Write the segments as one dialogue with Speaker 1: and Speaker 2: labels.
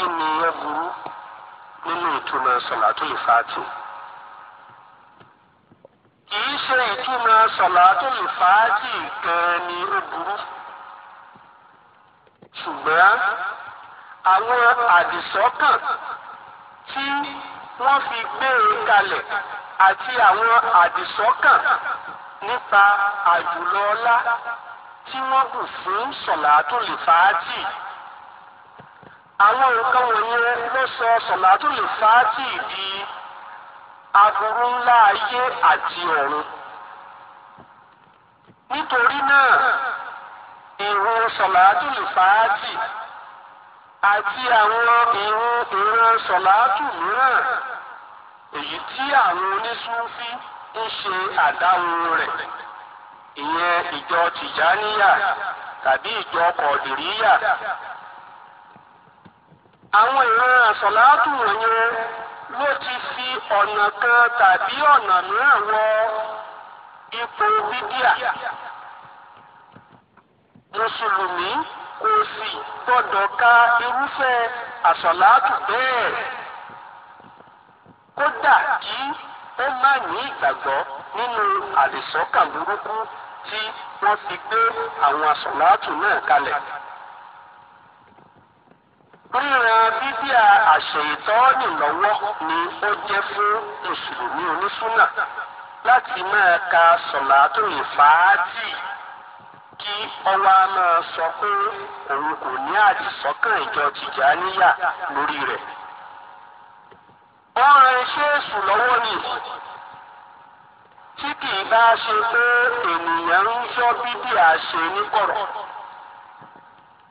Speaker 1: ènìyàn burú nínú ìtumọ̀ sọ̀làtúlù fàátì.
Speaker 2: kìí ṣe ìtumọ̀ sọ̀làtúlù
Speaker 1: fàátì gan ni ó burú. ṣùgbọ́n àwọn àdìsọ́kàn tí wọ́n fi gbére kalẹ̀ àti àwọn àdìsọ́kàn nípa àjùlọ ọlá tí wọ́n kù fún sọ̀làtúlù fàátì àwọn nǹkan wọ̀nyẹn ló sọ sọ̀làtò lè fàátì di aburú ńlá ayé àti ọ̀run. nítorí náà ìrun sọ̀làtò lè fàátì àti àwọn ìrun ìran sọ̀làtò mìíràn èyí tí àwọn onísúfí ń ṣe àdáhùn rẹ̀ ìyẹn ìjọ tìjáníyà tàbí ìjọ kọ̀dìríyà àwọn ìran àsọ̀láàtù yẹn ló ti fi ọ̀nà kan tàbí ọ̀nà mìíràn wọ ipò bídíà mùsùlùmí kò sì gbọdọ̀ ka irúfẹ́ àsọ̀láàtù bẹ́ẹ̀ kódà kí ó má ní ìgbàgbọ́ nínú àlìsọ́kàn burúkú tí wọ́n fi gbé àwọn àsọ̀láàtù náà kalẹ̀ ríran bíbíà àṣeyìtọ́ọ̀nì lọ́wọ́ ni ó jẹ́ fún mùsùlùmí onísúnà láti máa ka sọ̀làtò ìfàátì kí ọwọ́ a máa sọ pé òun kò ní àdìsọ́kàn ìjọ tìjàníyà lórí rẹ̀. wọ́n ran iṣẹ́ èṣù lọ́wọ́ ni tí kì í bá ṣe pé ènìyàn ń yọ bíbíà ṣe ní kọ̀rọ̀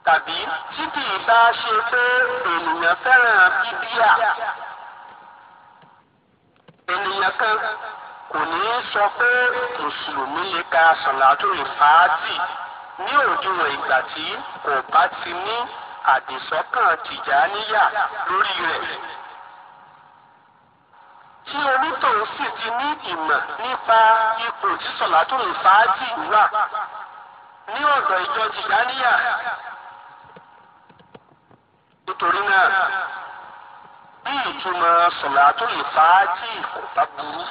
Speaker 1: tàbí tí kì í bá ṣe pé ènìyàn fẹ́ràn bíbíà ènìyàn kan kò ní í sọ pé mùsùlùmí lè ka sọ̀làtò ìfàátì ní òdiwọ̀n ìgbà tí kò bá ti ní àdìsọ́kàn tìjàníyà lórí rẹ̀ tí onítòun sì ti ní ìmọ̀ nípa ipò tí sọ̀làtò ìfàátì wà
Speaker 2: ní ọ̀dọ̀ ìjọ tìjàníyà
Speaker 1: nítorí náà bí ìtumọ̀ sọ̀làtò ìfàájì kò bá burú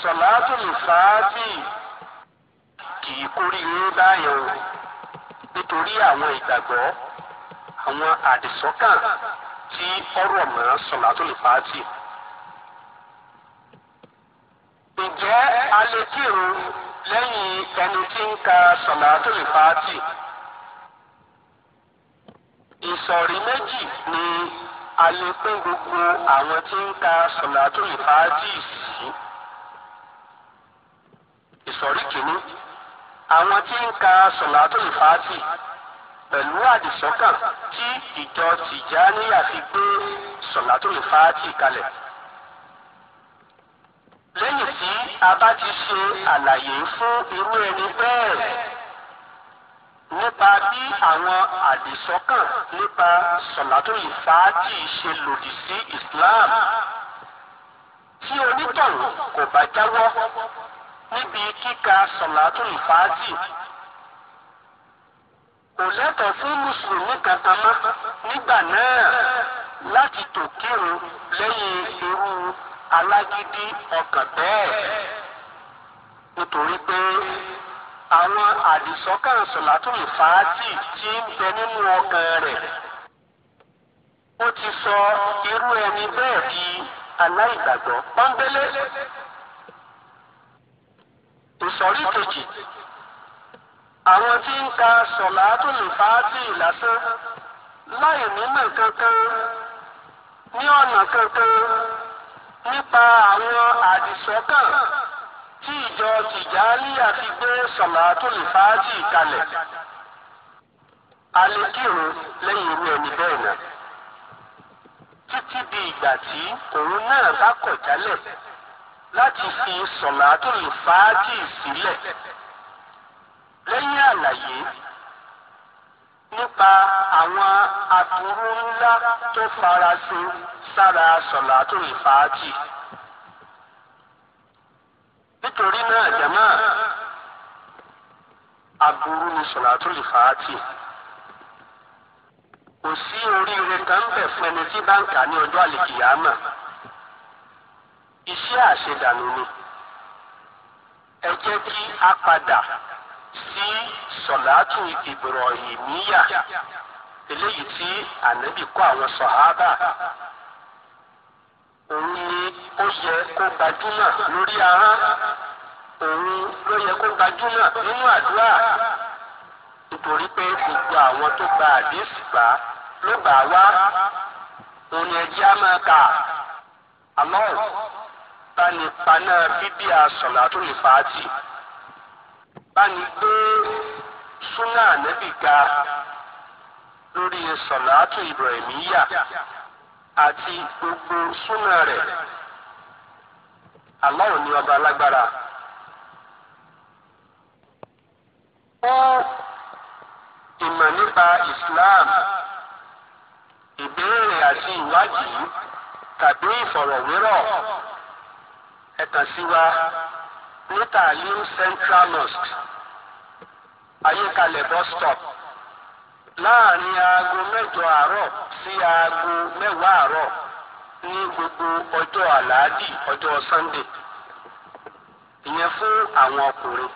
Speaker 1: sọ̀làtò ìfàájì kì í kórìíre báyọ̀ nítorí àwọn ìgbàgbọ́ àwọn àdìsọ́kàn tí ọ̀rọ̀ mọ́ sọ̀làtò ìfàájì. ǹjẹ́ a lè kírun lẹ́yìn ẹni tí ń ka sọ̀làtò ìfàájì? ìsọ̀rí méjì ni a lè pín gbogbo àwọn tí ń ka sọ̀làtò ìfàájì sí. ìsọ̀rí kìíní àwọn tí ń ka sọ̀làtò ìfàájì pẹ̀lú àdìsọ́kàn tí ìjọ tìjáníyà fi gbé sọ̀làtò ìfàájì kalẹ̀. lẹ́yìn tí a bá ti ṣe àlàyé fún irú ẹni bẹ́ẹ̀ nípa bí àwọn àdìsọ́kàn nípa sọ̀làtò ìfàájì ṣe lòdì sí Islam tí onítọ̀hún kò bá jáwọ́ níbi kíka sọ̀làtò ìfàájì kò lẹ́tọ̀ọ́ fún mùsùlùmí kankan mọ́ nígbà náà láti tò kírun lẹ́yìn irú alágídí ọkàn bẹ́ẹ̀ nítorí pé àwọn àdìsọ́kàn sọ̀látùn fàájì tí ń bẹ nínú ọkàn rẹ̀. ó ti sọ irú ẹni bẹ́ẹ̀ di aláìgbàgbọ́ pọ́nbélé. ìsọ̀rí kejì àwọn tí ń ka sọ̀látùn fàájì lásán láì nímọ̀ kankan ní ọ̀nà kankan nípa àwọn àdìsọ́kàn tí ìjọ tìjàníyà ti gbé sọ̀làtò lè fàájì kalẹ̀ a lè kírun lẹ́yìn irú ẹni bẹ́ẹ̀ náà títí di ìgbà tí òun náà bá kọ̀ jálẹ̀ láti fi sọ̀làtò lè fàájì sílẹ̀ lẹ́yìn àlàyé nípa àwọn aburú ńlá tó farasin sára sọ̀làtò lè fàájì nítorí náà jama aburú ni sọlátù lè fà á tì kò sí oríire kan bẹ̀ fún ẹni tí bá ń kà ní ọjọ́ àlèkìyàmà iṣẹ́ àṣedànù ni ẹ jẹ́ kí a padà sí sọ̀látù ìbùrọ̀yìmíyà eléyìí tí ànábì kọ́ àwọn sọ̀hábà òun ni ó yẹ kó gbajúmọ̀ lórí ahọ́n òun ló yẹ kó gbajúmọ̀ nínú àdúrà nítorí pé gbogbo àwọn tó gba àdéhùn gbà ló gbà wá òun ẹjẹ́ á máa kà àmọ́ báni paná bíbí àsọ̀lá tó lè fà á tì báni gbé súnà ànẹ́bì ga lórí sọ̀lá tó Ibrahimiyya àti gbogbo súnà rẹ̀ àlọ́ òní ọba alágbára. fún ìmọ̀ nípa Islam ìbéèrè àti ìwádìí tàbí ìfọ̀rọ̀wérọ̀ etansiwa kàn sí wa Central Mosque ayékalẹ̀ bus stop láàrin aago mẹ́jọ àárọ̀ sí aago mẹ́wàá àárọ̀ ní gbogbo ọjọ́ àlàádì ọjọ́ Sunday ìyẹn fún àwọn ọkùnrin.